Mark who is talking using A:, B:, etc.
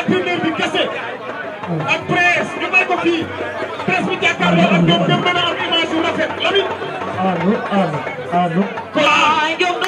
A: entraîneur bi kese ak presse ñu may ko fii presse bi jàkkaarloo ak ñoom ñoom mën a am image yu rafet Lamine.
B: allo
C: allo allo.